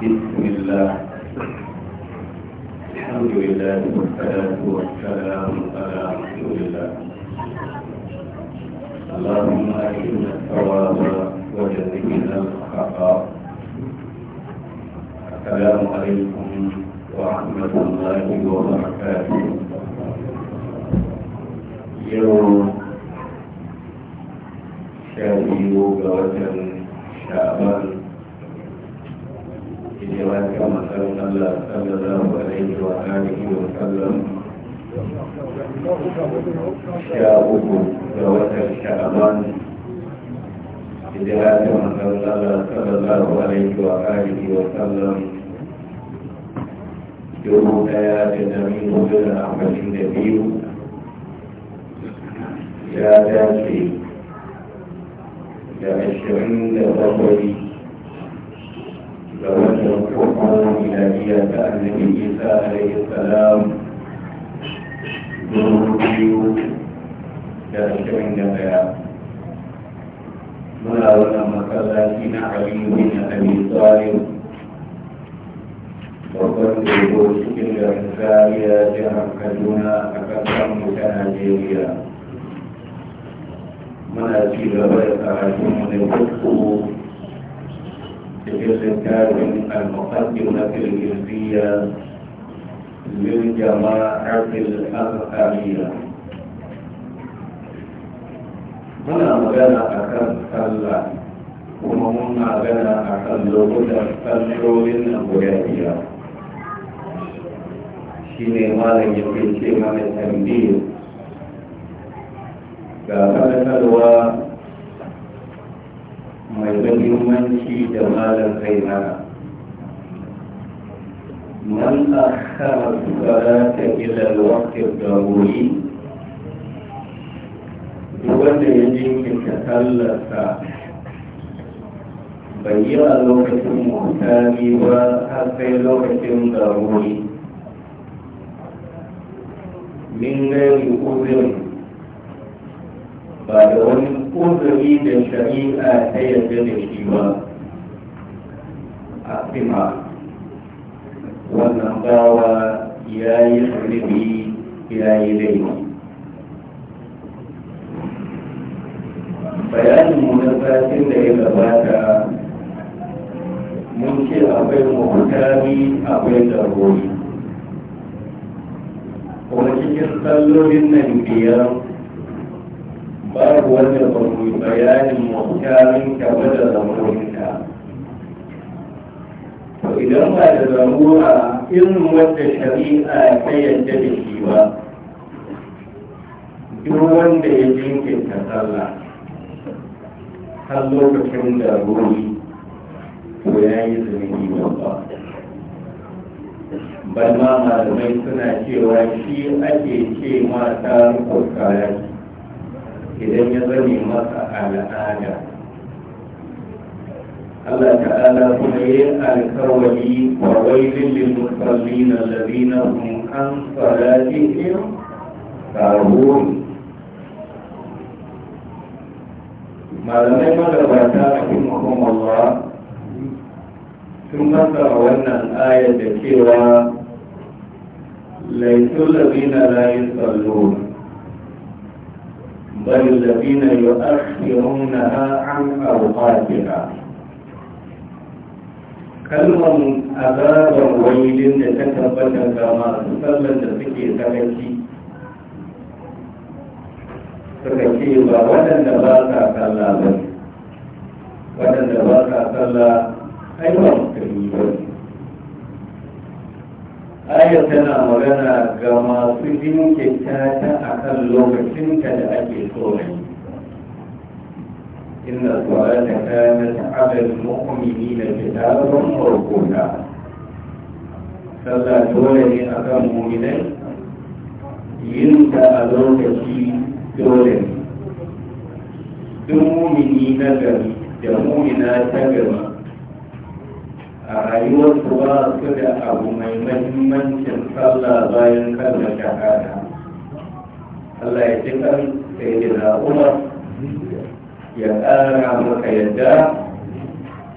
بسم الله الحمد لله والصلاة والسلام على رسول الله اللهم أكرمنا الثواب وجزينا الخطأ السلام عليكم ورحمة الله وبركاته يوم شهر وجه شعبان جواد كما صلى الله عليه وآله وسلم شاءوك جواد الشعبان إذا كما صلى الله عليه وآله وسلم يوم يا جميل بن أحمد النبي يا داشي يا عشرين تقوي لوجه da إلهية النبي عيسى عليه السلام دروبيو دارشين دبيا muna wannan masallaci na aliyu bin abi talib babban dogo cikin garin zariya jihar kaduna a ƙasar mu ta najeriya muna ci gaba da karatu mu ne kuku بجزء كامل المقدمة الجزئية للجماعة الأفقامية muna magana a kan sallah kuma mun magana a kan lokutan sallolin nan guda shi ne malam ya ce mana tambiyu ga faɗakarwa mai mahimmanci da malar kai mana من أخر الصلاة wakil da wuri wanda ya jinkirta ta. bai yi a lokacin mutane ba har sai lokacin wuri min gani uzin ba da wani kuzuri da shari'a ta yarda da shi ba a fima wannan bawa ya yi zunubi ya yi laifi bayanin mu na satin da ya gabata mun ce akwai mahutari akwai darori kuma cikin tsallolin nan biyar babu wanda ba mu yi bayanin muhtarinka ba da zamurinka to idan ba da zamura irin wanda shari'a ta yadda da shi ba duk wanda ya jinkirta sallah har lokacin da ruri to ya yi zunubi babba balma malamai suna cewa shi ake ce mata kokarai idan ya zame masa al'ada Allah ta'ala kuma yi alkawali wa wailin lil musallin alladhina hum an salatihim sahun malamai magabata a cikin Allah sun masa wannan ayar da cewa laisul ladina la yusalluna بل الذين يؤخرونها عن أوقاتها kalmar azabar wailin da ta tabbatar ga masu sallar da suke sakaci suka ce ba waɗanda ba sa sallah ba waɗanda ba sa sallah aiwon ayar tana magana ga masu jinkirta ta a kan lokacinta da ake tsoron inda tsoron ta kayan ta'adar mu'amini da fitarun farkota sallah dole ne a kan muminai yin ta a lokaci dole ne duk mumini na gari da mumina ta gari a rayuwar su ba su da abu mai mahimmancin sallah bayan kalmar shahada Allah ya ci kan sai da Umar ya ƙara maka yadda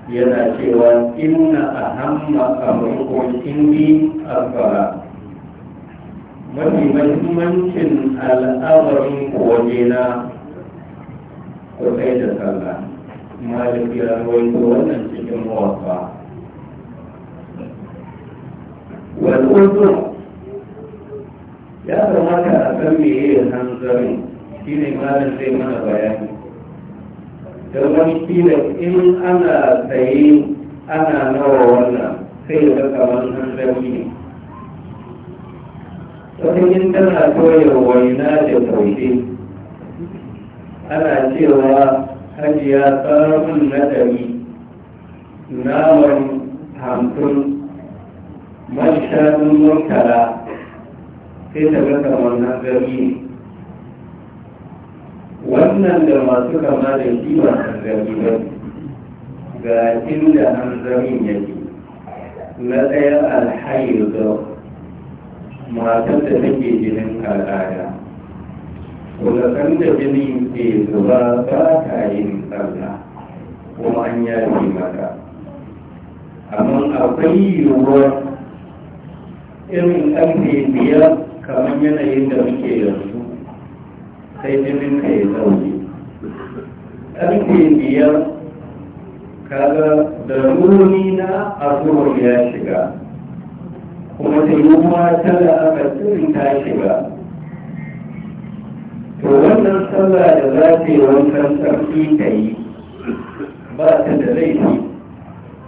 yana cewa inna a hamma amurkun indi alfara mafi mahimmancin al'amarin kowajena na sai da sallah malik ya rawaito wannan cikin mawafa والأذن ya kamata a san meye da hanzarin shi ne malam zai mana bayani don wani kila in ana tsaye ana nawa wannan sai da kamar hanzari ne wani in tana koyarwa yana da kwaide ana cewa hajiya tsarin na ɗari naman hamsin mashaɗin murtala sai ta ga kamar na gari wannan da masu kama da shi ba gari ba ga inda an zarin yake na ɗaya alhayu da matar da take jinin al'ada kulakan da jini ke zuba ba ta yin tsalla kuma an yaji mata amma akwai yiwuwar irin ɗanɗe biyar kamar yanayin da muke yanzu sai jirgin ka ya zaune ɗanɗe biyar kaga da ruruni na azuwar ya shiga kuma da yunwa tana aka tsirin ta shiga to wannan sallah da za ta yi wankan sarki ta yi ba ta da laifi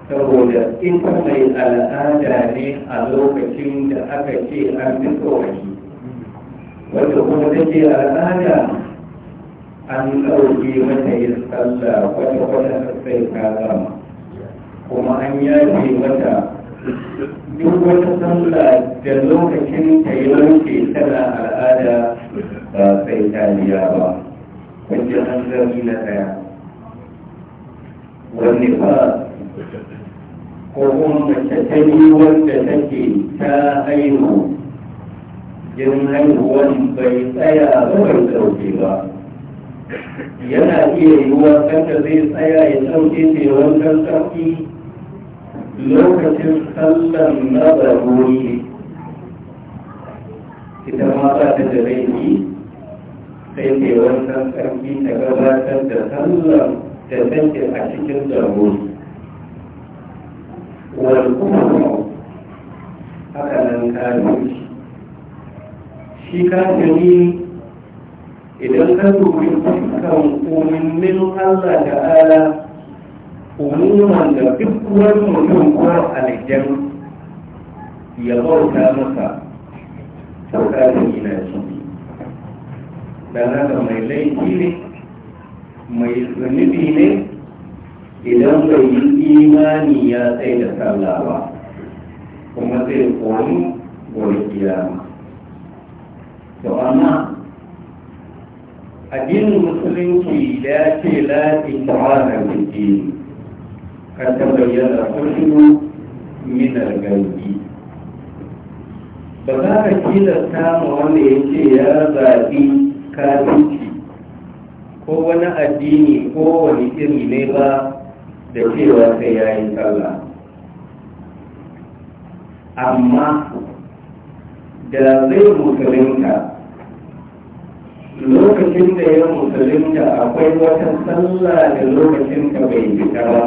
saboda in mai al'ada ne a lokacin da aka ce an fi tsawaki wanda kuma ce al'ada an ɗauki mata yin tsalla kwata-kwata sai ka zama kuma an yaje mata duk wata tsalla da lokacin ta yi wanke tana al'ada ba sai ta biya ba wajen an zami na ɗaya wani ba ko kuma mace ta wanda take ta haihu jin haihuwan bai tsaya ba bai ɗauke ba yana iya yiwuwa kanta zai tsaya ya ɗauke ce wancan sarki lokacin sallan na barori ita ma ba ta da laifi sai ce wancan sarki ta gabatar da sallan da take a cikin barori haka nan kafirci shi kafiri idan ka dubi dukkan umarnin Allah da ala umuman da duk wani mutum ko aljan ya bauta masa sauka da gina shi da haka mai laifi ne mai zunubi ne idan bai yi imani ya sai da kalla ba kuma zai koyi gobe kiyama to amma addinin musulunci ya ce lafi da jiki ka ta bayyana kusuru minar gauki ba za ka tilasta ma wanda ya ce ya zaɓi kafinci ko wani addini ko wani iri ne ba da cewa sai ya yi sallah amma da zai musulunta lokacin da ya musulunta akwai wata sallah da lokacin ka bai fita ba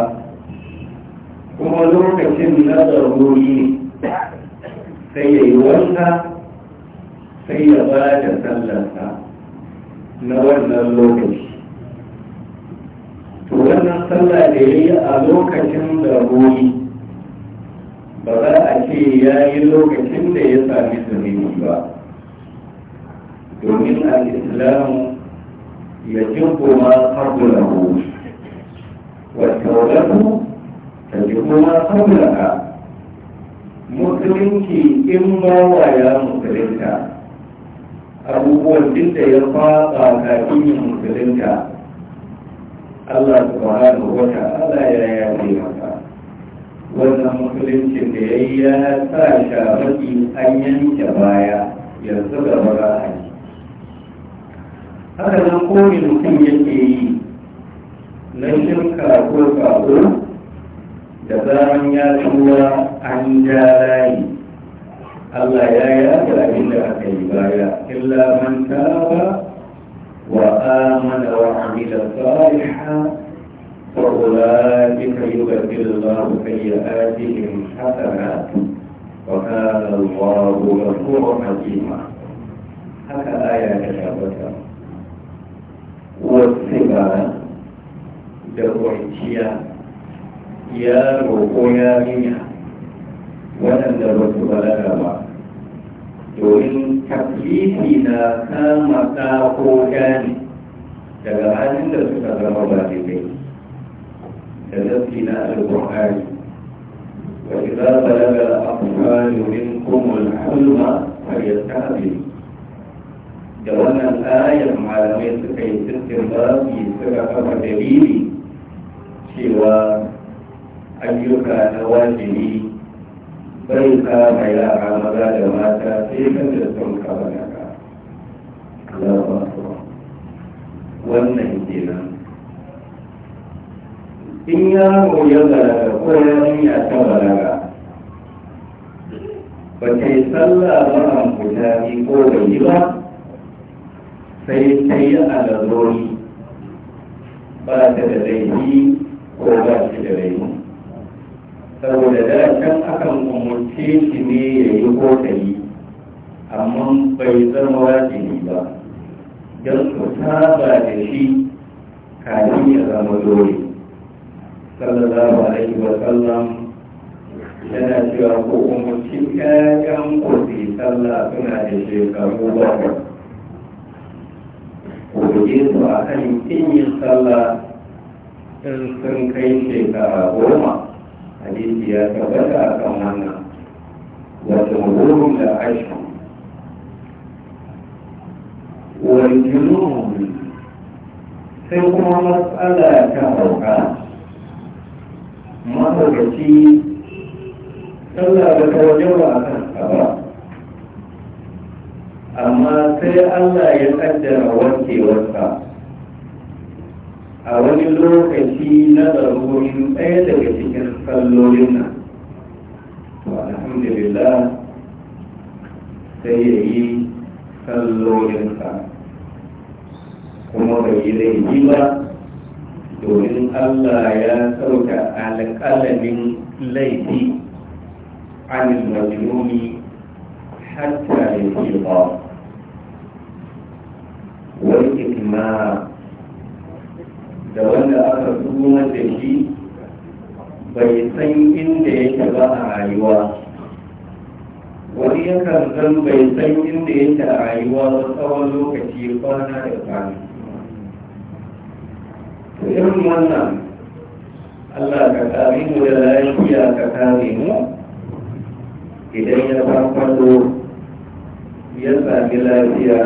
kuma lokacin na zaruri sai ya yi wanka sai ya ba da sallarsa na wannan lokaci wannan sallah da ya yi a lokacin da ruhi ba za a ce ya yi lokacin da ya sami zunubi ba domin al'islamu ya ya jirgo ma kabula ruhi wadatu ta jirgo ma kabula ka musulunci in ba wa ya musulunta abubuwan duk da ya faɗa kafin musulunta Allah subhanahu wata ta'ala ya yafe masa wannan musuluncin da ya yi ya sa shafi an yanke baya yanzu da ba za haka nan kome mutum yake yi na shirka ko sabo da zaran ya tura an ja layi Allah ya yafe abin da aka yi baya illa man ta وآمن وعمل صالحا فأولئك يبدل الله سيئاتهم حسنات وكان الله غفورا حكيما هكذا آية تشابهة والثقة دقوعتيا يا روحو يا ميا ولن دبت بعد domin taklifi na kama ta ko gani daga halin da suka zama ba daidai da zafi na alƙur'ani wa idza balaga al-afqalu minkum al-hulma falyastahbil da wannan ayar malamai suka yi sirrin babi suka kama dalili cewa ayyuka na wajibi bai kama yara maza da mata sai kan da sun kama naka Allah wannan kenan in mu ya balaga ko a ta balaga ba ta yi sallah ba a fita ni ko da yi ba sai ta yi alalori ba ta da laifi ko ba ta da laifi saboda da can akan umurce shi ne ya yi ko ta yi amma bai zama wajibi ba don su saba da shi kafin ya zama dole sallallahu alaihi wa sallam yana cewa ko umurci ƴaƴan ku su yi sallah suna da shekaru bakwai ku guje su a kan yin sallah in sun kai shekara goma hadisi ya tabbata kan wannan وجمهور العشر والجنوب سوى مسألة كهوكا مهوكتي صلى بتوجب أكثر أما سي الله يقدر وكي وكا a wani lokaci na zarurin ɗaya daga cikin kallolin nan to alhamdulillah sai ya yi sallolinsa kuma bai yi yi ba domin allah ya sauka alƙalamin laifi ya المجنون ba wani ikima da wanda aka tuhumar da shi bai san inda yake ba a rayuwa wani yakan zan bai san inda yake a rayuwa ba tsawon lokaci kwana da kwana to irin wannan Allah ka kare mu da lafiya ka kare mu idan ya farfado ya sami lafiya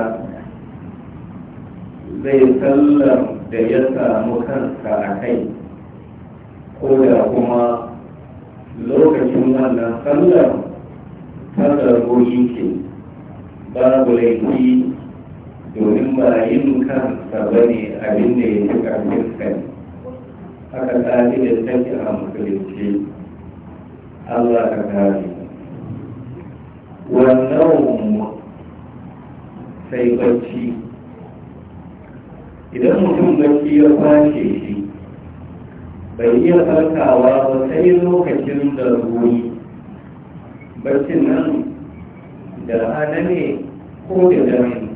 zai sallama da ya samu kansa a kai ko da kuma lokacin wannan sallar sallar goyi ce babu laifi domin ba yin kansa ba ne abin da ya ci karfin kai haka tafi da take a musulunci Allah ka kare wannan sai bacci idan mutum bacci ya kwashe shi bai iya farkawa ba sai lokacin da ruwi baccin nan da rana ne ko da dame?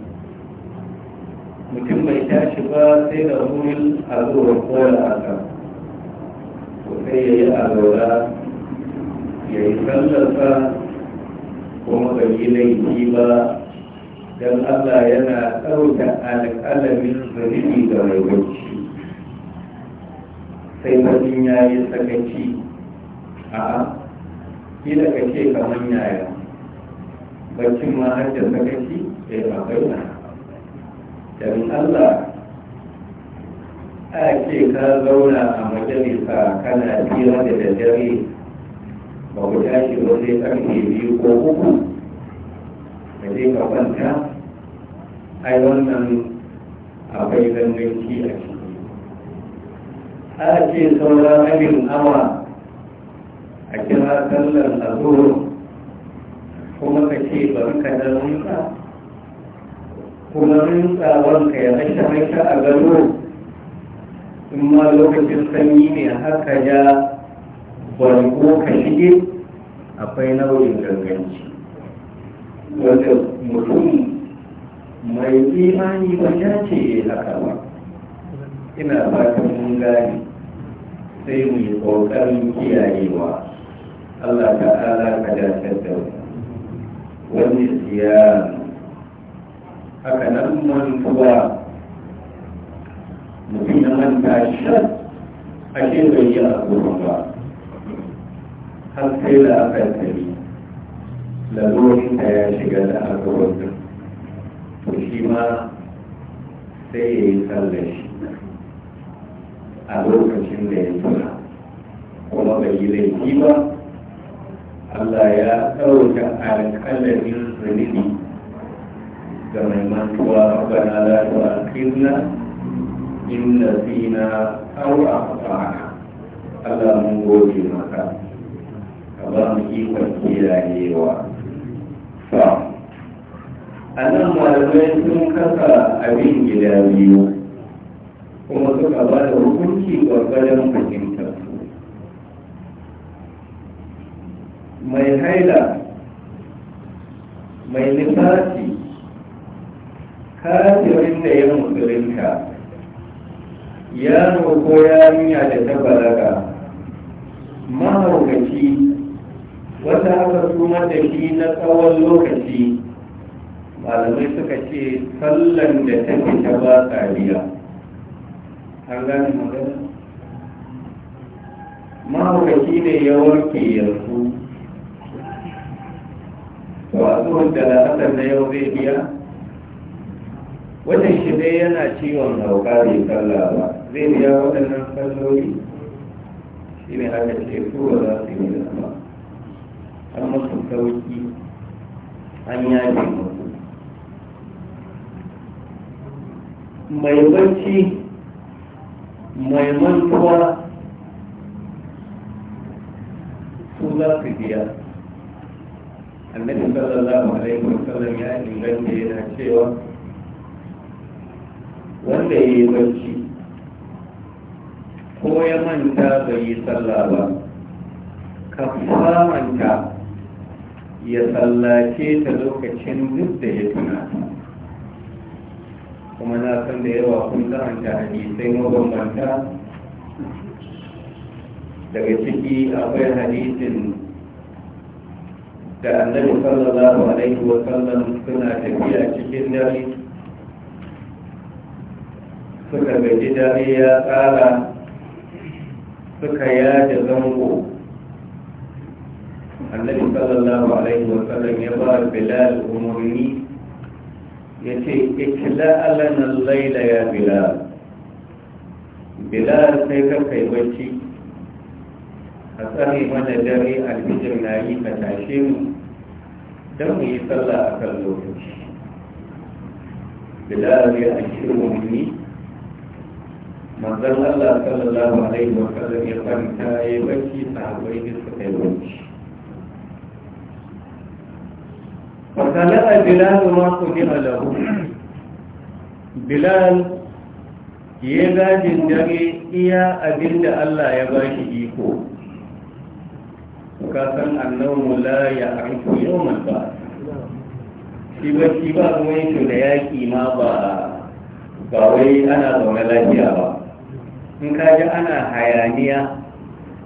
mutum bai tashi ba sai da a zuwa ko aka ko sai ya yi a lura ya yi sallarsa kuma bai yi laifi ba don Allah yana ɗauka alƙalamin zunubi da mai bacci sai mutum ya yi sakaci a kila ka ce kamar yaya baccin ma har da sakaci sai eh, a bayyana don Allah a ce ka zauna a majalisa kana tsira da daddare ba ku tashi ba sai ƙarfe biyu ko uku sai ka kwanta ai wannan akwai ki a ciki a ce sauran abin awa a kira sallar a kuma ka ce bari ka da rinka kuma rinka wanka ya rashe rinka a gado in ma lokacin sanyi ne haka ya bari ko ka shige akwai nau'in ganganci wanda mutum mai imani ba ya ce haka ba ina fatan mun gani sai mu yi ƙoƙarin kiyayewa Allah ta ala ka da da wani siya haka nan mantuwa mutum ya manta shan ake bai yi a ba har sai da aka yi lalurinka ya shiga da aka alkawarin to shi ma sai ya yi sallar shi a lokacin da ya tura. kuma bai yi laifi ba Allah ya ɗauka alƙalamin zunubi ga mai mantuwa bana la tu'akhidna in nasina aw akhtana Allah mun goge maka ka ba mu ikon kiyayewa a nan malamai sun kasa abin gida biyu kuma suka ba da hukunci ƙwarƙarin fahimtar mai haila mai lissafi kafirin da ya musulunta yaro ko yarinya da ta balaga mahaukaci Wata aka sumar da shi na tsawon lokaci malamai suka ce sallan da ta fita ba tsariya an gane magana mahaukaci ne ya warke yanzu to a tsohon da la'asar na yau zai biya Wajen shi dai yana ciwon hauka bai sallah ba zai biya waɗannan salloli shi ne haka ce su za su yi da an masu tawaki an yaje musu mai bacci mai mantuwa su za su biya annabi sallallahu alaihi wasallam ya inganta yana cewa wanda ya yi bacci ko ya manta bai yi sallah ba ka manta ya tsallake ta lokacin duk da ya tuna kuma na san da yawa kun karanta hadisai mabambanta daga ciki akwai hadisin da annabi sallallahu alaihi wa sallam suna tafiya cikin dare suka gaji dare ya tsara suka yada zango annabi sallallahu alaihi wa sallam ya ba bilal umarni ya ce ikila alanar laila ya bilal bilal sai ka kai bacci a tsare mana dare alfijir na yi ka tashe mu don mu yi sallah a kan lokaci bilal ya ashirin umarni manzan allah sallallahu alaihi wa sallam ya kwanta ya yi bacci sahabai da suka yi bacci فقال بلال ما قدر له بلال ya gajin dare iya abin Allah ya ba shi iko kasan annabu la ya arku yau ba shi ba shi ba yaƙi ma ba ba wai ana zaune lafiya ba in ka ji ana hayaniya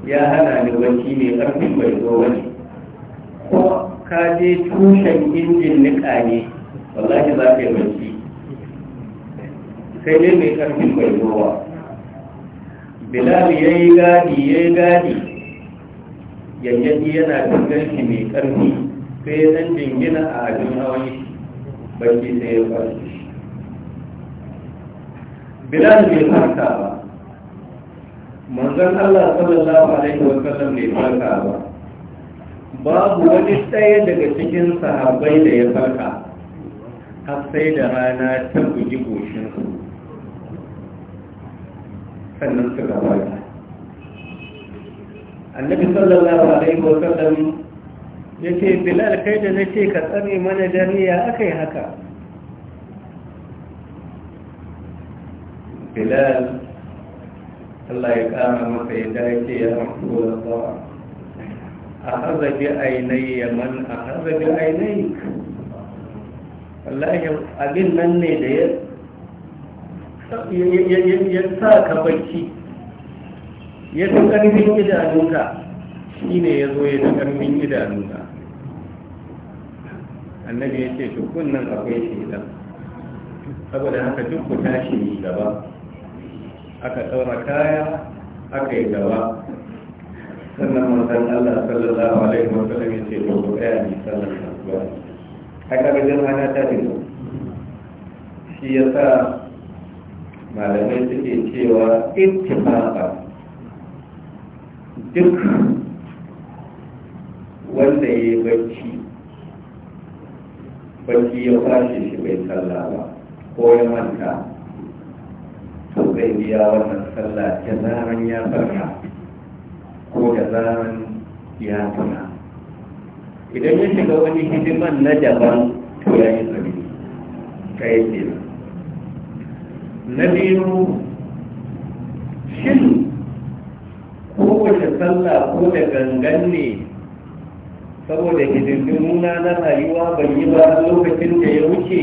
ya hana ni bacci mai ƙarfin bai zo wani ka je tushen injin niƙa ne wallahi za ka yi barci sai dai mai ƙarfin mai zuwa bilal ya yi gadi ya yi gadi yanyaji yana dangar shi mai ƙarfi sai ya zan jingina a abin hawan shi barci sai ya barci bilal bai farka ba manzan allah sallallahu alaihi wasallam bai farka ba babu wani ɗaya daga cikin sahabai da ya farka har sai da rana ta bugi goshinsu sannan su gabata annabi sallallahu alaihi wasallam ya ce bilal kai da na ce ka tsare mana dare ya aka yi haka bilal Allah ya kama masa ya dace ya wa da أخذ بعيني من أخذ بعينيك wallahi abin nan ne da ya sa ka bacci ya ta ƙarfin idanunka shi ne ya zo ya ta ƙarfin idanunka annabi ya ce tukun nan akwai shi shaidan saboda haka duk ku tashi gaba aka ɗaura kaya aka yi gaba sannan mutan Allah sallallahu alaihi wa sallam yace ko ku tsaya ni sallar asuba haka ga jama'a ta dinga shi yasa malamai suke cewa ittifaqa duk wanda ya yi bacci bacci ya fashe shi bai sallah ba ko ya manta to zai biya wannan sallah ta zaran ya farka ko da zaran ya fita idan ya shiga wani hidiman na daban to ya yi tsari ta tsira na biyu shin kowace sallah ko da gangan ne saboda hidindimuna na rayuwa ban yi ba lokacin da ya wuce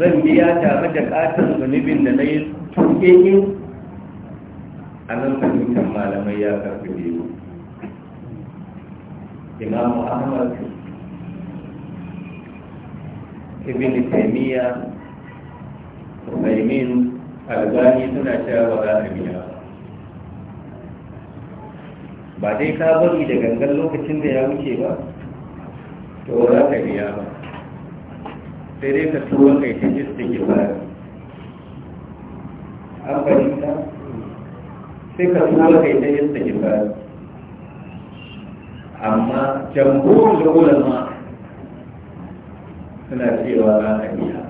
zan biya tare da katon zunubin da na yi tuke a nan dukkan malamai ya karfi biyu imamu ahmad ibn taimiyya usaimin albani suna cewa ba za a biya ba dai ka bari da gangan lokacin da ya wuce ba to za ka biya ba sai dai ka tuwa kai ta jista ke ba an fahimta sai ka tura kai ta yin sakin bayan amma jamhurin da ma suna cewa za a iya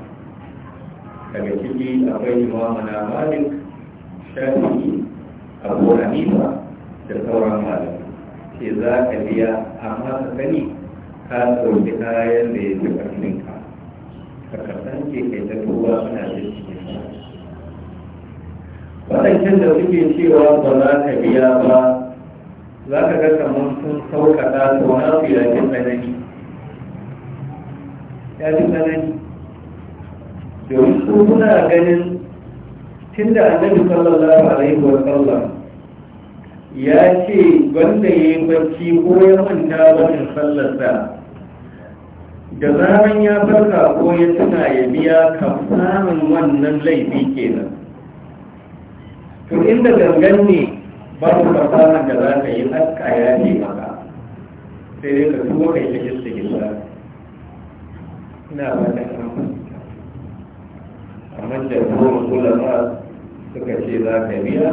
daga ciki akwai imamuna malik shafi'i abu hanifa da sauran malamai ce za ka biya amma ka sani ka ɗauki kayan da ya fi ƙarfinka ka kasance kai ta tuba suna jirgi waɗancan da suke cewa ba za ka biya ba za ka ga kamar sun sauƙaƙa su na su ya fi tsanani ya fi tsanani domin su suna ganin tun da annabi sallallahu alaihi wa sallam ya ce wanda ya yi barci, ko ya manta wajen sallarsa da zaran ya farka ko ya tuna ya biya kan samun wannan laifi kenan to inda gangan ne babu fasahan da za ka yi haska ya ce maka sai dai ka tuwo kai ta gista gista ina ba da amma da goma lafa suka ce za ka biya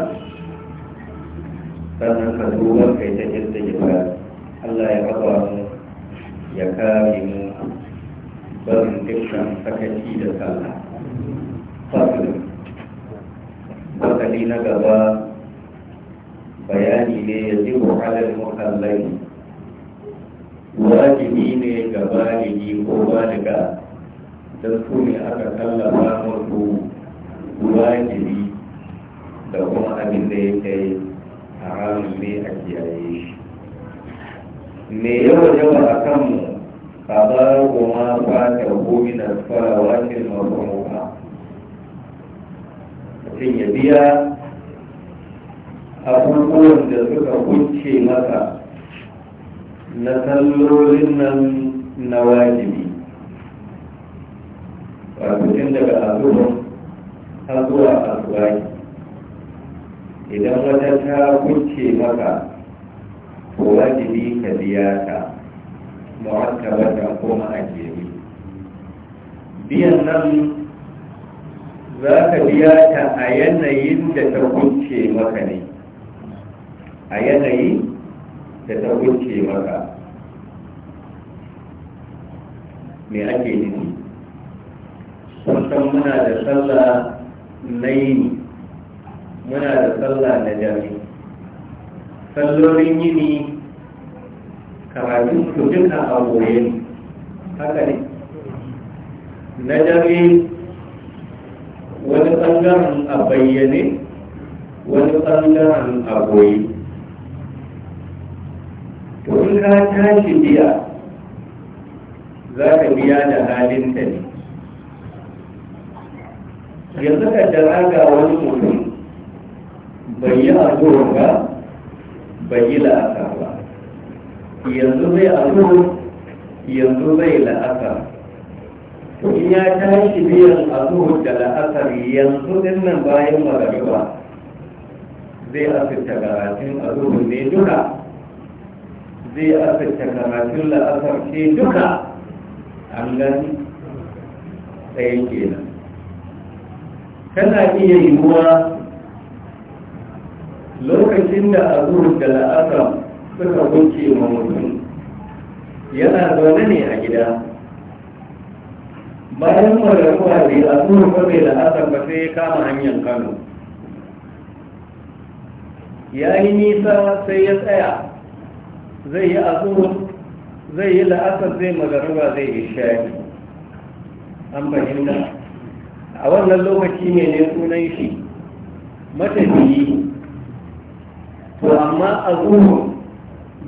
sannan ka tuwo kai ta gista gista Allah ya kafa mu ya kare mu barin dukkan sakaci da sallah fasilin hankali na gaba bayani ne ya ji wahalar muhallai wajibi ne ga baligi ko baliga don su ne aka tallafa musu wajibi da kuma abin da ya kai haramun ne a kiyaye shi me yawa yawa a kanmu a ba ta fata na farawa wajen mafi cikin ya biya kuma da suka kunce maka na sallolin nan na wajibi cikin daga azuwa azuwa azuwai idan wata ta kunce maka ko wajibi ka biya ta mu'akkabata ko ma'ajiri biyan nan za ka biya ta a yanayin da ta kunce maka ne a yanayi da ta kunce maka me ake nufi kusan muna da sallah na yini muna da sallah na jami sallorin yini karatun su duka a goye haka ne na jami ɓangaren a bayyane wani ɓangaren a goyi to in ka tashi biya za ka biya da halin ta ne yanzu ka daraga wani mutum bai yi azurin ba bai yi la'aka ba yanzu zai azurin yanzu zai la'aka in ya tashi biyan azuhur da la'asar yanzu dinnan bayan magariba zai asirta karatun azuhur ne duka zai asirta karatun la'asar ce duka an gani tsaye kenan tana iya yiwuwa lokacin da azuhur da la'asar suka wuce ma mutum yana zaune ne a gida bayan kuma bai a ko bai da asar ba sai ya kama hanyar kano ya yi nisa sai ya tsaya zai yi a zai yi la'asar zai magaruwa zai yi shayi an fahimta a wannan lokaci ne ne sunan shi matafiyi to amma a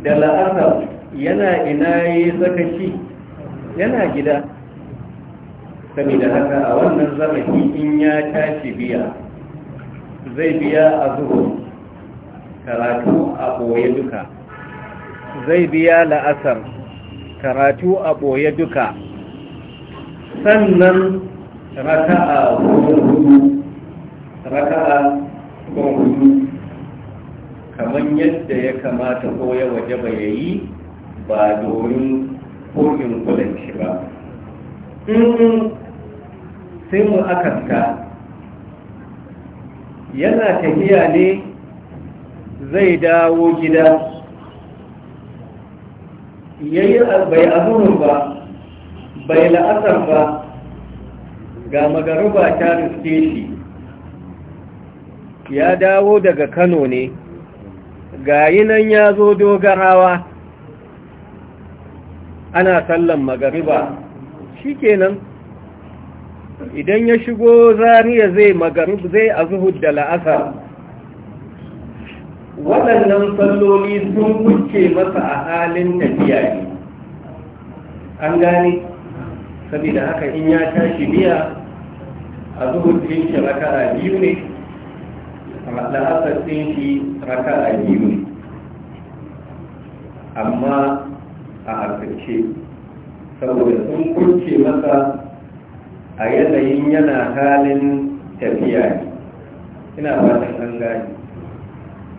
da la'asar yana ina ya yi zakashi yana gida saboda haka a wannan zamani, in ya tashi biya zai biya a zuhur karatu a ɓoye duka zai biya la'asar karatu a ɓoye duka sannan raka'a hudu a hudu kamar yadda ya kamata ko ya waje ba ya yi ba domin kogin kulanci ba sai mu akanta yana tafiya ne zai dawo gida yayi bai azurin ba bai la'asar ba ga magaruba ta riske shi ya dawo daga kano ne ga nan ya zo dogarawa ana sallan magariba shi kenan idan ya shigo zariya zai magarib zai azuhud da la'asar waɗannan salloli sun wuce masa a halin tafiya ne an gane saboda haka in ya tashi biya azuhud din shi raka'a biyu ne la'asar din shi raka'a biyu ne amma a harkace saboda sun kurce masa a yanayin yana halin tafiya ne ina fatan an gani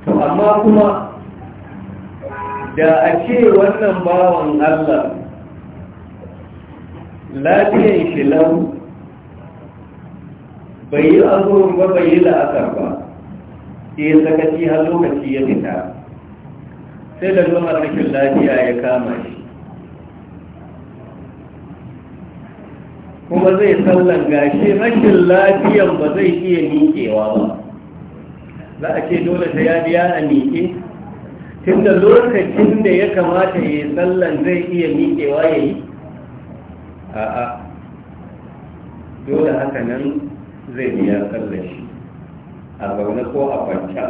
to amma kuma da a ce wannan bawan allah lafiyan shi lau bai yi azurin ba bai yi la'asar ba sai sakaci har lokaci ya fita sai da zuwa rashin lafiya ya kama shi kuma zai sallan gashi rashin lafiyan ba zai iya miƙewa ba za a ce dole sai ya biya a miƙe tun da lokacin da ya kamata ya sallan zai iya miƙewa ya yi a'a dole haka nan zai biya sallan shi a zaune ko a kwanta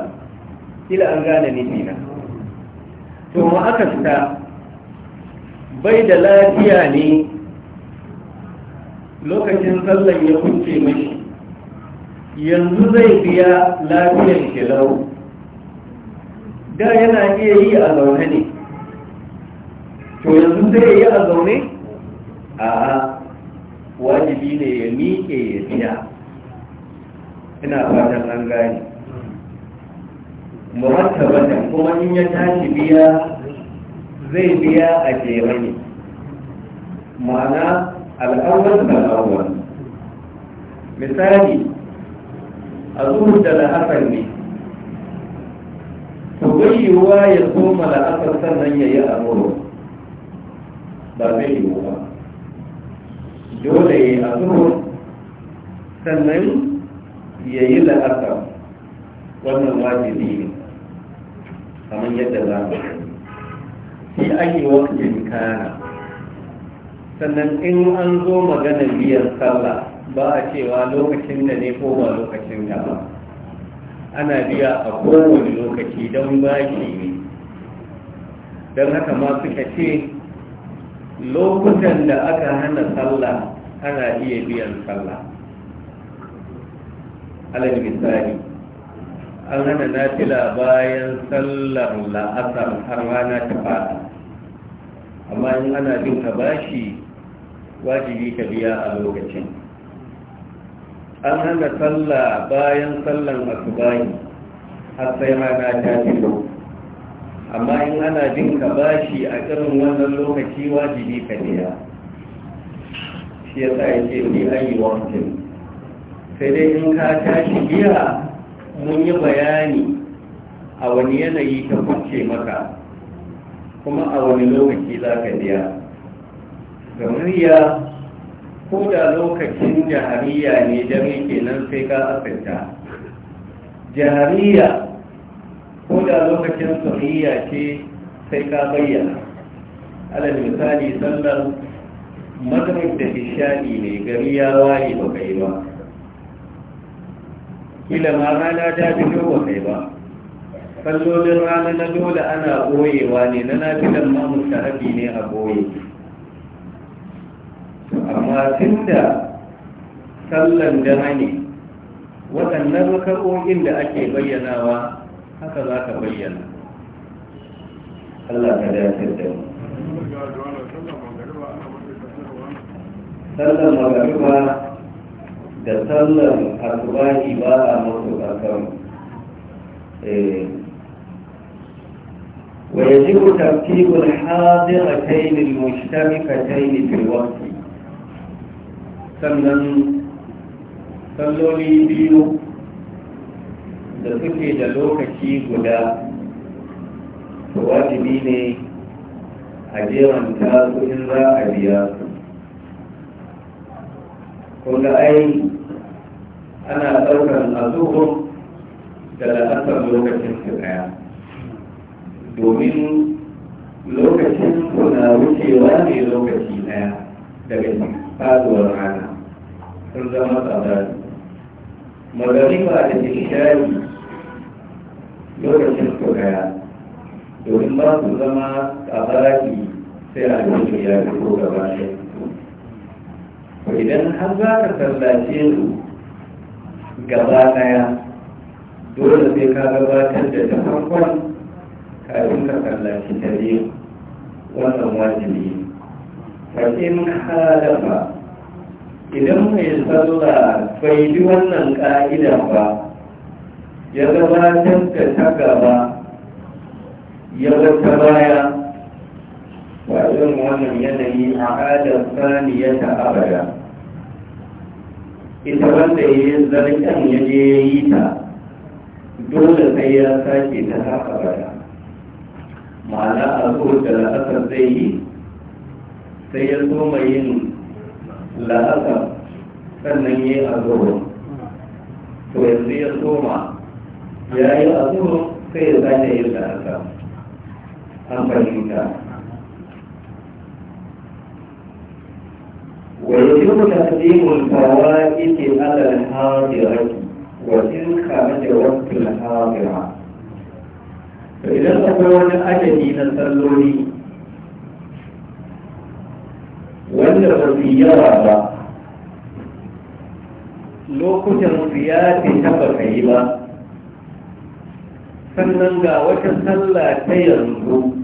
kila an gane nufi na to ma aka fita bai da lafiya ne lokacin sallan ya kunce mashi yanzu zai biya lafiyar shelau da yana iya yi a zaune ne to yanzu zai yi a zaune a wajibi ne ya miƙe ya biya ina fatan an gani murattabatan kuma in ya tashi biya zai biya a jere ne ma'ana al'awwal da al'awwal misali a zuhur da la'asar ne to bai yiwuwa ya koma la'asar sannan ya yi amuru ba zai yiwu ba dole ya yi sannan ya yi la'asar wannan wajibi ne kamar yadda za mu fi ayi wakilin kana sannan in an zo maganar biyan sallah ba a cewa lokacin da ne ko ba lokacin da ba ana biya a kowane lokaci don ke ne don haka ma suka ce lokutan da aka hana sallah ana iya biyan sallah alal misali an hana nafila bayan sallar la'asar har rana ta fada amma in ana bin ta bashi wajibi ka biya a lokacin an hana sallah bayan sallan bayi har sai rana ta fito amma in ana jin ka bashi a irin wannan lokaci wajibi ka biya shi ya sa yake ni yi wankin sai dai in ka tashi biya mun yi bayani a wani yanayi ta kwace maka kuma a wani lokaci za ka biya gamriya ko da lokacin jahariya ne yake nan sai ka asirta jahariya ko da lokacin suriya ce sai ka bayyana alal misali sallar magrib da ishadi ne gari ya waye ba kai ba kila ma rana ta fito ba kai ba kallolin rana na dole ana boyewa ne na nafilan ma mustarabi ne a boye amma tunda sallan dare ne waɗannan rakaro'in da ake bayyanawa haka za ka bayyana Allah ka dace da mu sallan magariba da sallan asubahi ba a a kan ويجب ترتيب الحاضرتين المشتركتين في الوقت sannan salloli biyu da suke da lokaci guda da wajibi ne a jeranta su in za a biya su kuma ai ana ɗaukar azuhu da la'asar lokacin su ɗaya domin lokacin suna wucewa ne lokaci ɗaya daga faduwar rana sun zama tsadari magariba da ishari lokacin su daya domin ba su zama tsadari sai a lokacin ya fito gaba ɗaya idan har za ka tallace su gaba daya dole sai ka gabatar da ta farkon kafin ka tallace ta biyu wannan wajibi fa in halafa idan mai sallah bai bi wannan ƙa'ida ba ya gabatar da ta gaba ya ta baya ba irin wannan yanayi a adar saniya ta abada ita wanda ya yi zarkan ya je ya yi ta dole sai ya sake ta haka bada. ma'ana a da la'asar zai yi sai ya zo mai yin la'asar sannan yi a zuwa to yanzu ya soma ya yi a zuwa sai ya sake yin la'asar an fahimta ويجب تقديم الفوائد على الحاضرة وتلك على وقت الحاضرة فإذا تكون أجدي نصلي yawa ba lokutan su ta baka yi ba sannan ga wata sallah ta yanzu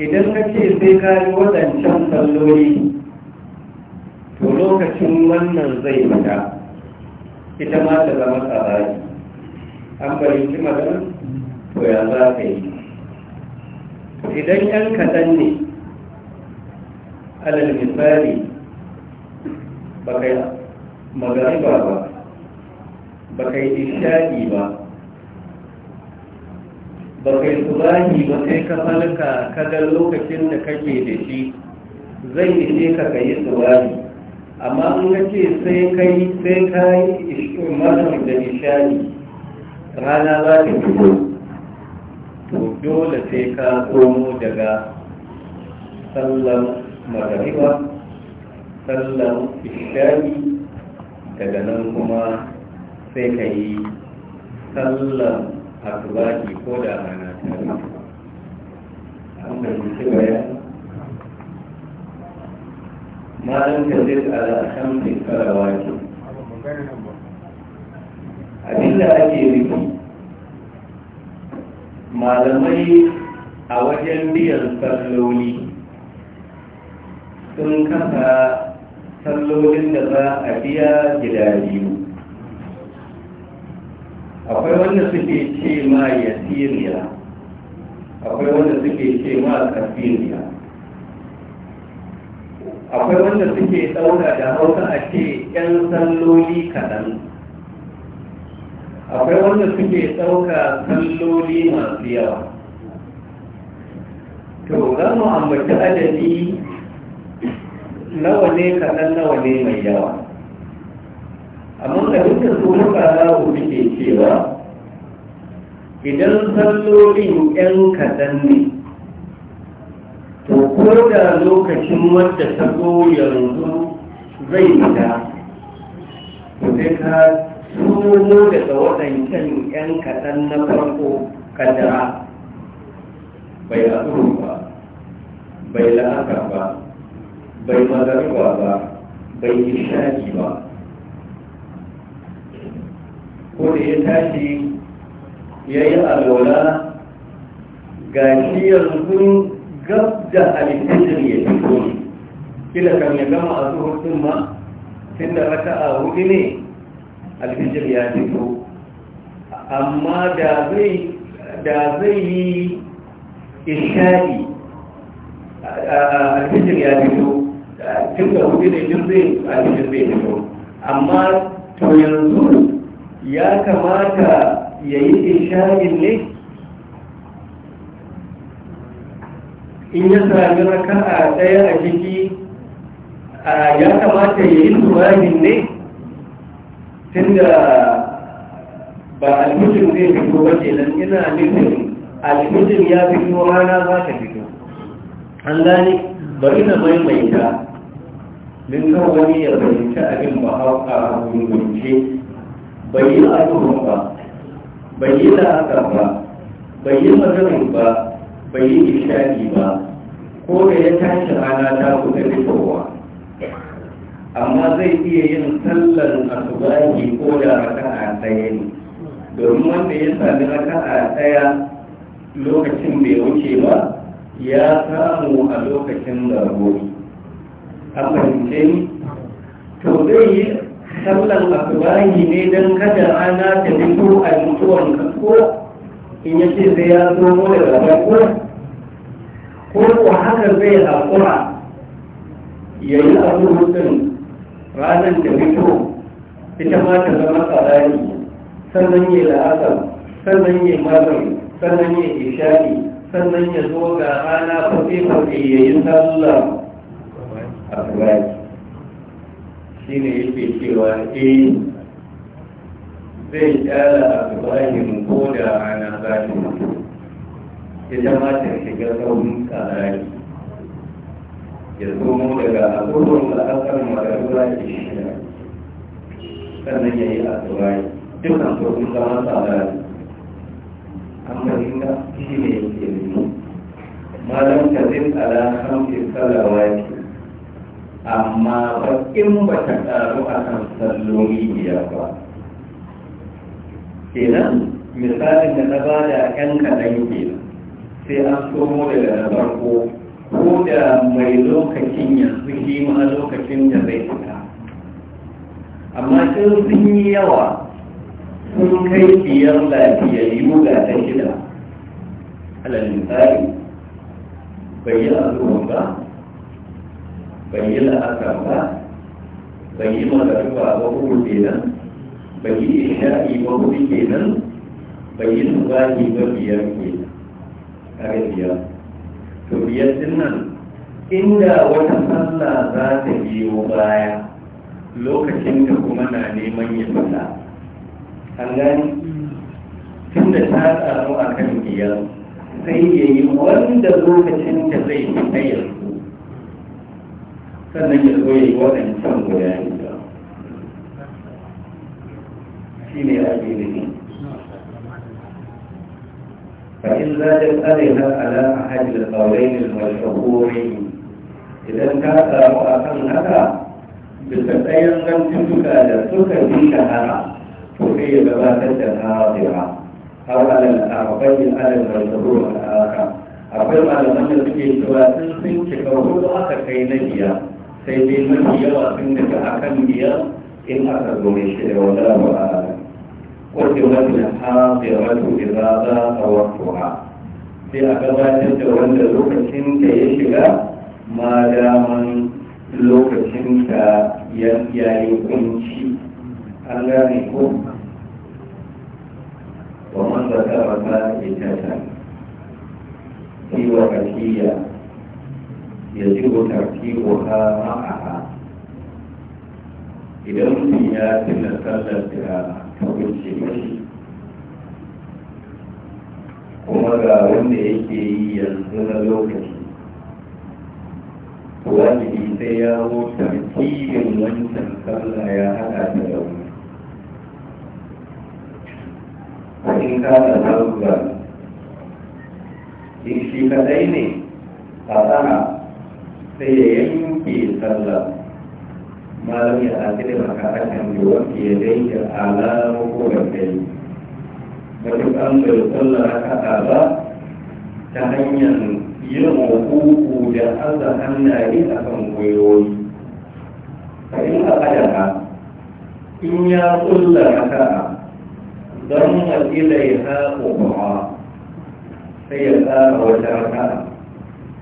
idan ka ce sai ka yi waɗancan salloli to lokacin wannan zai fita ita ma ta zama tsabari, an bari ji magana to ya za ka yi idan yan kaɗan ne alal misali ba kai magariba ba ba kai ishaɗi ba ba kai turahi ba sai ka falka ka ga lokacin da kake da shi zai ishe ka ka yi turahi amma an ga ce sai kai sai ka yi marar da ishaɗi rana za ta fito to dole sai ka komo daga sallar magariba sallar ishari daga nan kuma sai ka yi sallar asubaki ko da rana malam ka zai ala shamsin karawa ce abinda ake rufi. malamai a wajen biyan salloli sun kasa sallolin da za a biya gida biyu akwai wanda suke ce ma yasiriya akwai wanda suke ce ma kafiriya akwai wanda suke ɗauka da hausa a ce 'yan salloli kaɗan akwai wanda suke ɗauka salloli masu yawa to za mu ambaci adadi nawa ne kaɗan nawa ne mai yawa amma da duka su muka zawo suke cewa idan sallolin 'yan kaɗan ne to ko da lokacin wadda ta zo yanzu zai fita to sai ka sumo daga waɗancan 'yan kaɗan na farko kaddara bai asuru ba bai la'akar ba bai magarba ba bai yi shaki ba ko da ya tashi ya yi alwala ga shi yanzu gab da halittar ya fito kila kan ya gama a sun ma tun da raka a hudu ne alfijir ya fito amma da zai yi ishari alfijir ya fito tun da hudu ne jirbe a tsari duk zai amma to yanzu ya kamata ya yi isha'in ne in ya sami raka a ɗaya a ciki ya kamata ya yi turahin ne tun da ba almujin zai fito ba ke nan ina nufin almujin ya fito rana za ta fito an gani bari na maimaita min ka wani ya fahimci abin ba hauka gungunce bai yi abubuwan ba bai yi la'akar ba bai yi mazarin ba bai yi ishaki ba ko da ya tashi rana ta kuka fitowa amma zai iya yin sallar asubahi ko da a tsaye ne domin wanda ya sami a tsaya lokacin bai wuce ba ya samu a lokacin zargori an fahimce ni to zai yi sallan asubahi ne don kada ana ta fito a mutuwan kasko in ya ce zai ya zo mu da gaba ko ko haka zai haƙura ya yi abubuwan ranar da fito ita ma ta zama tsarari sannan ya la'asar sannan ya mazari sannan ya ishari sannan ya zo ga rana fafe-fafe ya yi sallah a shi ne yake cewa e zai kyala ibrahim ko da ana zafi ita ma ta shiga saurin karari ya zomo daga abubuwan da aka mararuwa ke shiga sannan ya yi a tsirai dukkan saurin zama tsarari an fahimta shi ne yake ne malam ka zai tsala hamsin ke amma bakin in ba ta ƙaru a kan salloli biyar ba kenan misalin da na ba da 'yan kaɗan ke sai an tsoro daga na farko ko da mai lokacin yanzu shi ma lokacin da zai fita amma in sun yi yawa sun kai biyar yi ga ta shida alal misali bai yi ba bai yi la'akar ba bai yi magariba ba uku kenan bai yi isha'i ba hudu kenan bai yi nubali ba biyar kenan kare biyar to biyar din nan inda wata sallah za ta biyo baya lokacin da kuma na neman yin fita an gani tun da ta tsaro a kan biyar sai ya yi wanda lokacin da zai fita yanzu sannan ya zo ya yi waɗancan bayani da shi ne ake nufi فإن زادت عليها على أحد القولين المشهورين idan ka samu a kan haka bisa tsayin zantuntuka da suka fi shahara to sai ya gabatar da nazira har alal arba'i alal mazhur al-akhar akwai malaman da suke cewa sun sun cika hudu aka kai na biya sai dai mafi yawa sun daga akan biyar in aka zo shi da wani abu a ƙwarƙewar da haɗewarsu da zaɓa a ha sai a gabatar da wanda lokacin da ya shiga ma daman lokacin da ya yi kunci an gane ko wa man zaka masa ita ta yi wa kafiya giờ của nó thì يجب sự معها إذا أمنية تلتلت توجه مشي kuma ga wanda của yi yanzu na lokaci wajibi sai ya zo tartibin wancan là ya haɗa da rauni in ka da zarura in shi kadai ne a tsara sai ya yanke sallah malam ya asiri maka akan da wanke ya dai da alamu ko da kai matuƙan bai sallah raka'a ba ta hanyar yin hukuku da aza hannaye a kan gwiwoyi fa in ka adaka in ya kulla raka'a don wa ilaiha ubuha sai ya tsara wata raka'a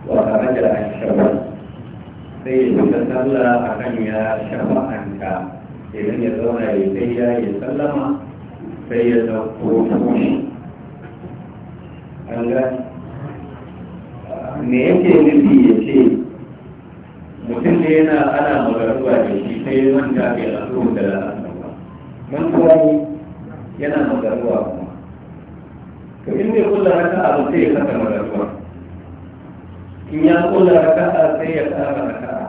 wa ta hajjar an shawar sai ya shiga sallah a kan ya shafa'anta idan ya zauna ya sai ya yi sallama sai ya dauko tushe an ga me yake nufi ya ce mutum ne yana ana magaruwa da shi sai manta bai asu da la'asar ba yana magaruwa kuma to in kula haka abu sai ya kasa magaruwa in ya kula raka'a sai ya tsara raka'a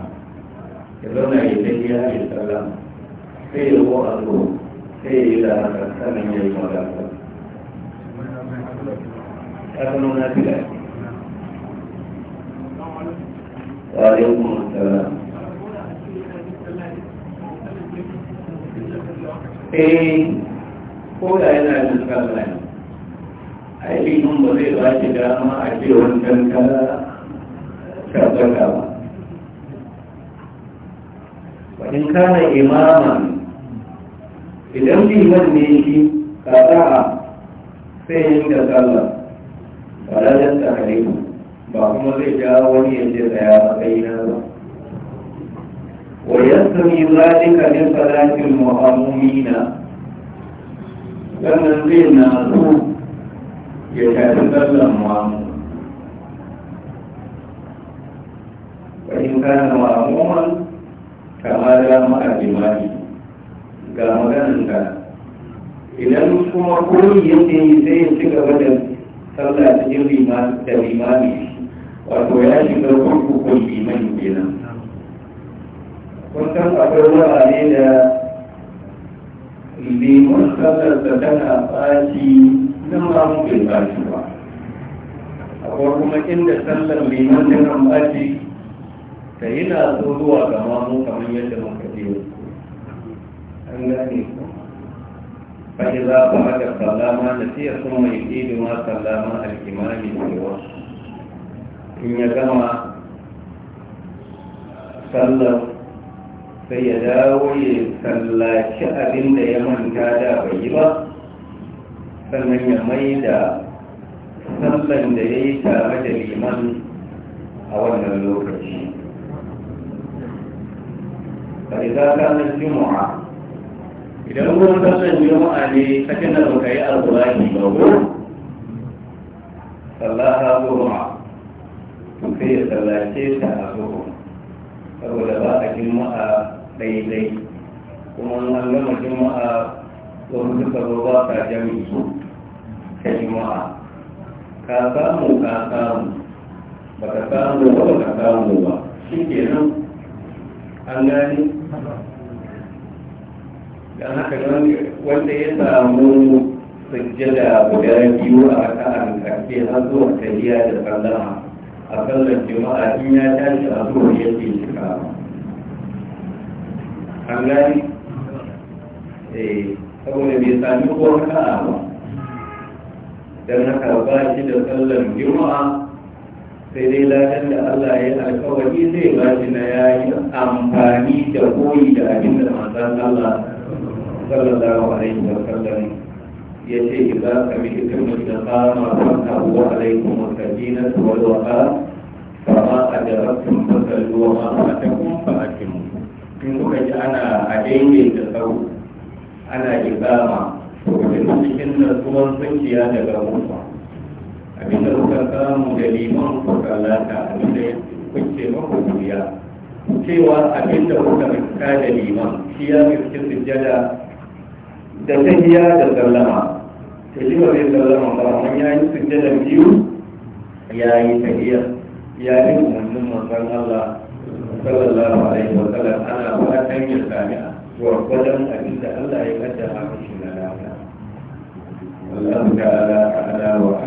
ya zauna ya tafiya ya tsalla sai ya ko a zo sai ya yi da raka sannan ya yi magana ƙasano na fi lafi وعليكم السلام eh ko da yana da tsalla ne ainihin ba zai ba shi dama a ce wancan kala karɓarka ba in kana imama idan liman ne shi kasa'a sai yin da sallah ba da janta ba kuma zai ja wani ya ce tsaya a na ba wa yasami zalika min salatin mu'ammina wannan zai na ya shafi sallan mu'ammu فإن كان معموما كما لا مع جماعي ga maganin ka idan kuma koyi yadda yi sai ya ci gaba da sallah cikin da limami wato ya shiga kurkukun liman kenan kun akwai wurare da liman sallar tana ɓaci na mamu bai ɓaci ba akwai kuma inda sallar liman tana ɓaci Ta yi na zuwa ga mamu kamar yadda muka ce an gane ku za siya sun mai نسي ma sallama alkimami da yawa In ya gama sallar sai ya dawo ya sallaci abin da ya manta da bai yi ba sannan ya mai da sallan da ya yi tare da liman a wannan lokaci فإذا كان الجمعة إذا هو كان الجمعة لسكن الركعي الغلاني له صلاها جمعة في صلاتي سأزور saboda ba a juma'a daidai kuma an gama juma'a wasu suka zo ba ka jami'i ta juma'a ka samu ka samu samu ba ka samu ba shi an gani Da haka wanda ya samu sujjada guda biyu a raka'ar karfe har zuwa tariya da sallama a sallar juma'a in ya tashi a zuwa ya ce shiga an gani eh, saboda bai sami ko raka'a ba don haka ba shi da sallar juma'a sai dai ladan da Allah ya alkawari zai ba shi na ya yi amfani da koyi da abin da manzan Allah sallallahu alaihi wa sallam ya ce idza sami'tum al-qama ba alaykum al a wal waqa fama adraktum a wa kuma ba a atimu in kuka ji ana a da sau ana iqama to cikin nasuwan tsinkiya daga mutuwa abinda suka samu da liman kuka lata abinda ya kuce maku duniya cewa abinda kuka riska da liman shi ya su sujjada da tahiya da sallama ta shi ba zai sallama ba amma ya yi sujjada biyu ya yi tahiya ya yi umarnin manzon Allah sallallahu alaihi wa sallam ana fatan ya sami gwargwadon abinda Allah ya kaddara mishi na lafiya Allah ta ala wa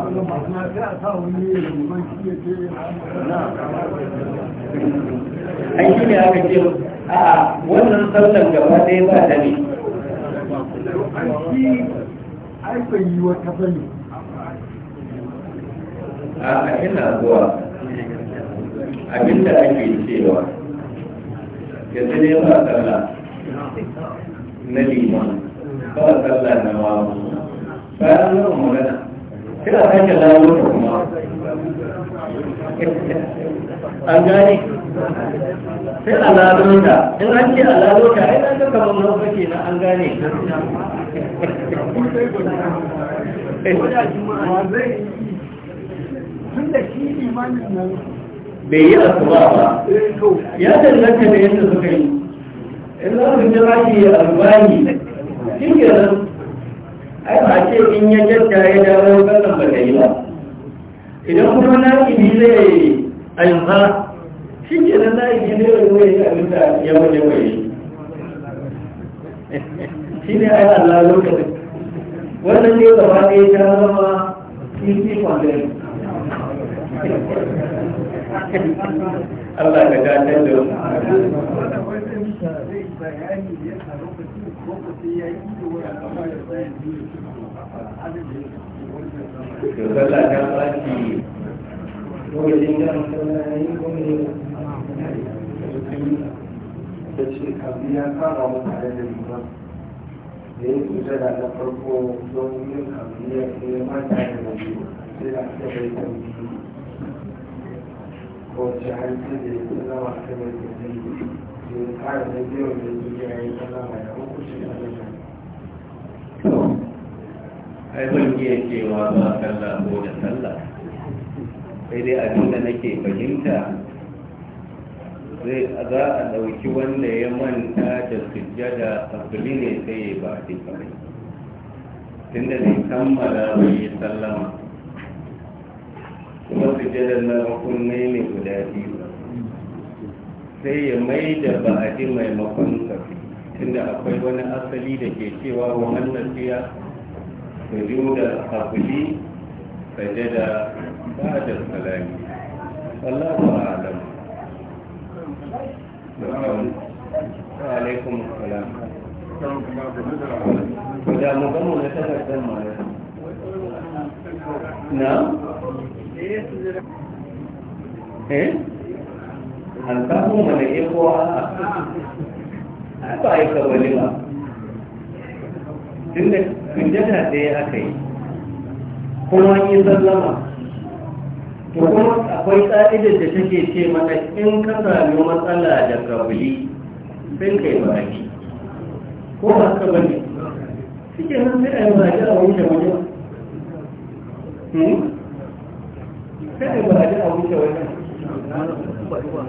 an shi ne aka ce a wannan sallar gaba ɗaya ba ta ne aikin yi wata bane a ina zuwa abinda ake cewa yanzu ne ba sallah na liman ba sallah na mamu bayan nan magana kira sake dawo da kuma an gane sai a lalota in an ce a lalota ai na duka ban nan kake na an gane bai yi asuba ba ya danganta da yadda suka yi in za su jira shi a rubani shi a ce in ya jadda ya dawo sallan ba ta yi ba idan kuma na ibi zai ayyuka shi ke nan na ibi zai zo ya abin da ya waje waje shi ne ai Allah lokacin wannan ne gaba ɗaya ta zama titi kwandari Allah ka gatar da mu Sallah ta ɓaci lokacin da masallaci ko ne ta ce kafin ya kama mutane da liman da ya kusa da farko don yin kafin ya ne mata da na biyu sai da aka bai ta biyu ko wace hanci da ya tsanawa ta bai ta biyu sai ya kara na biyu da ya yi tsanawa ya hukuci da ai ban iya cewa ba sallah ko da sallah sai dai abin da nake fahimta zai za a ɗauki wanda ya manta da sujjada asali ne sai ya ba shi tun tunda zai kammala ba yi sallama kuma sujjadar na rukun ne guda biyu sai ya mai da ji maimakon safi tunda akwai wani asali da ke cewa wa hannun da sujuda qabli da ba'da salami wallahu a'lam alaikum assalam da mu ga mu na na eh an ta ne ko a ba a yi kawali ba tun da kunjata ɗaya aka yi kuma yi zallama? to kuma akwai ƙa'idar da take ce mana in ka sami matsala da kabili sai kai baki ko ba ka bane suke nan sai a yi baki a wuce wajen hmm? sai a yi baki a wuce wajen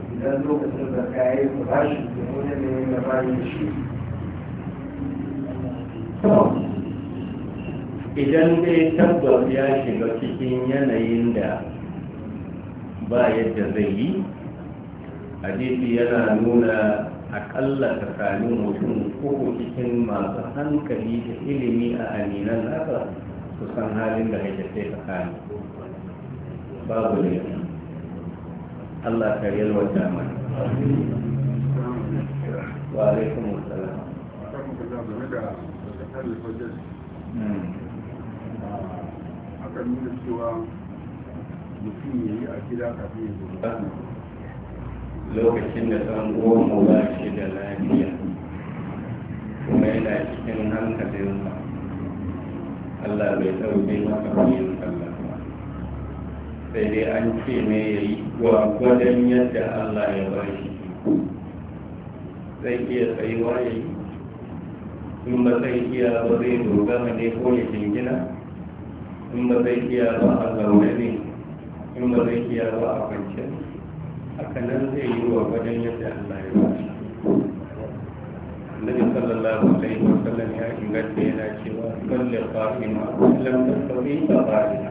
idan lokacin da ka yi ba ne na shi idan dai tabbas ya shiga cikin yanayin da ba yadda zai yi hadisi yana nuna akalla tsakanin mutum uku cikin masu hankali da ilimi a aminan nasa su san halin da kake sai tsakani babu ne Allah ka yalwata mana wa alaikum assalam hmm. aka nuna cewa mutum ya yi a gida kafin ya lokacin da ta goma ba shi da lafiya kuma yana cikin hankalinsa Allah bai ɗauke maka bayan Allah sai dai an ce ne ya yi wa gwadon yadda allah ya ba shi zai iya tsayuwa ya yi in ba zai iya ba zai dogara ne ko ya jingina in ba zai iya ba a zaune ne in ba zai iya ba a kwance haka nan zai yi wa gwadon yadda allah ya ba shi النبي صلى الله عليه وسلم يا إنجاز بينا شوى كل قائمة لم تستطيع فقائمة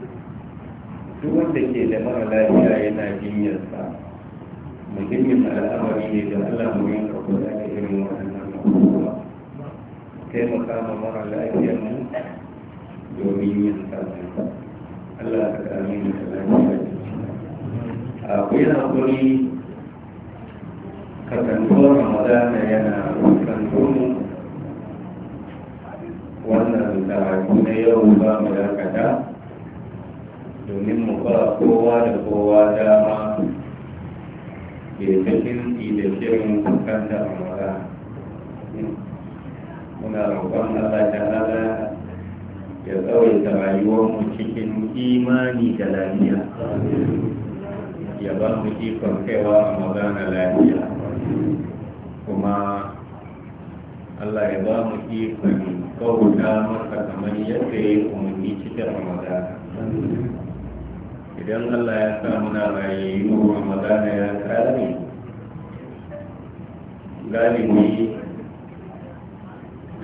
duk wanda ke da mara lafiya yana jinyarsa muhimmin al'amari ne da allah mu yi karɓar da ake irin waɗannan abubuwa taimaka ma mara lafiya mu domin yin sabon allah ka kame ni da lafiya a akwai hakuri kasantuwar ramadana yana kasantuwar mu wannan karatu na yau ba mu dakata domin mu ba kowa da kowa dama ƙirƙirin da shirin kan da amara muna roƙon Allah ta'ala ya tsawaita rayuwarmu cikin imani da lafiya ya ba mu ikon kaiwa a magana lafiya kuma Allah ya ba mu ikon kawuta masa kamar yadda ya umarni cikin ramadana idan Allah ya sa muna rayayyu Ramadana ya kare galibi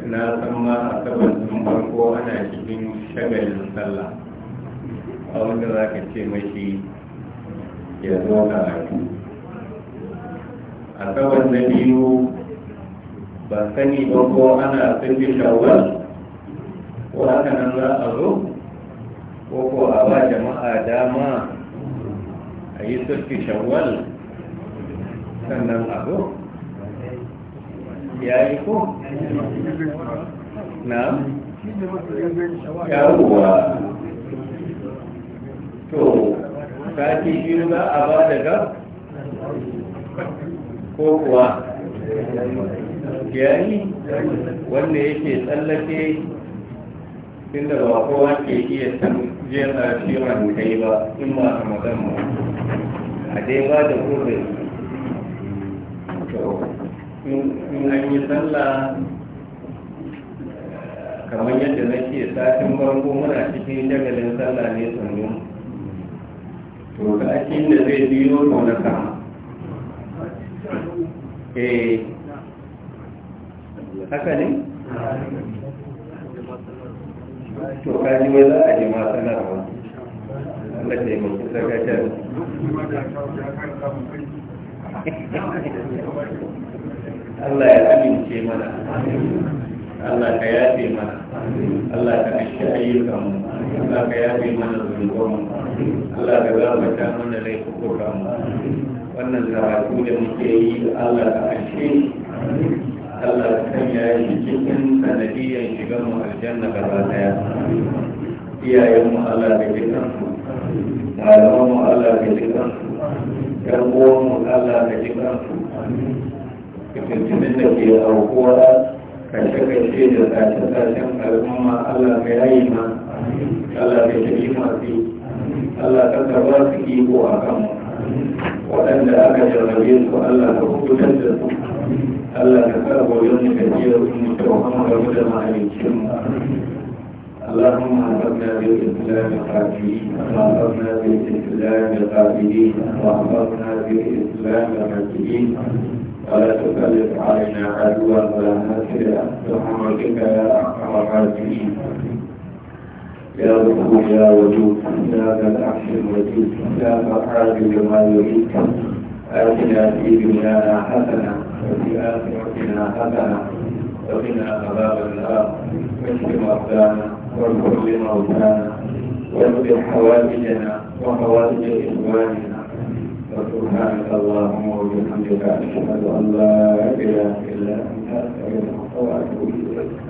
na san ma a sun farko ana cikin shagalin sallah a wanda za ka ce mashi ya zo karatu a saban na biyu ba sani ba ko ana sirri shawar ko haka nan za a zo ko ko a ba jama'a dama a yi sulfi shawwal sannan abu ya yi ko na yawuwa to sati biyu za a ba da gab ko kuwa yi wanda yake tsallake tunda ba kowa ke iya san jera ta yi ba in ba a ba. a dai ba da kore in an yi sallah kamar yadda na ke satin bango muna cikin jagalin sallah ne sannu to ka ake da zai biyo to na sama eh haka ne to kaji wai za a ji ma sanarwa Allah ke yi mafi sakatar Allah ya amince mana Allah ka yafe mana Allah ka ayyukan mu Allah ka yafe mana zungonmu Allah ka gabata mana mu wannan karatu da muke yi Allah ka ashe Allah kan ya yi cikin sanadiyan shigar mu aljanna gaba daya iyayen mu Allah bai ji kansu malaman mu Allah bai ji kansu yan uwan mu Allah bai ji kansu fitintunin da ke aukuwa kashe-kashe da tashe-tashen al'umma Allah bai yayi ma Allah bai tafi masu Allah ka karba su iko a kanmu waɗanda aka jarrabe su Allah ka kubutar da su ألا ka sa goyon من ji da sun mutu اللهم اغفرنا بالاسلام القادرين واغفرنا بالاسلام القادرين واغفرنا بالاسلام القادرين ولا تكلف علينا عدوا ولا نسيا برحمتك يا ارحم الراحمين يا رب يا وجود يا ذا العرش المجيد يا فرحان بما يريد آتنا في دنيانا حسنة وفي آخرتنا حسنة وقنا عذاب النار واشف مرضانا وارحم لموتانا واصلح حوائجنا وحوائج إخواننا وسبحانك اللهم وبحمدك أشهد أن لا إله إلا أنت أستغفرك وأتوب إليك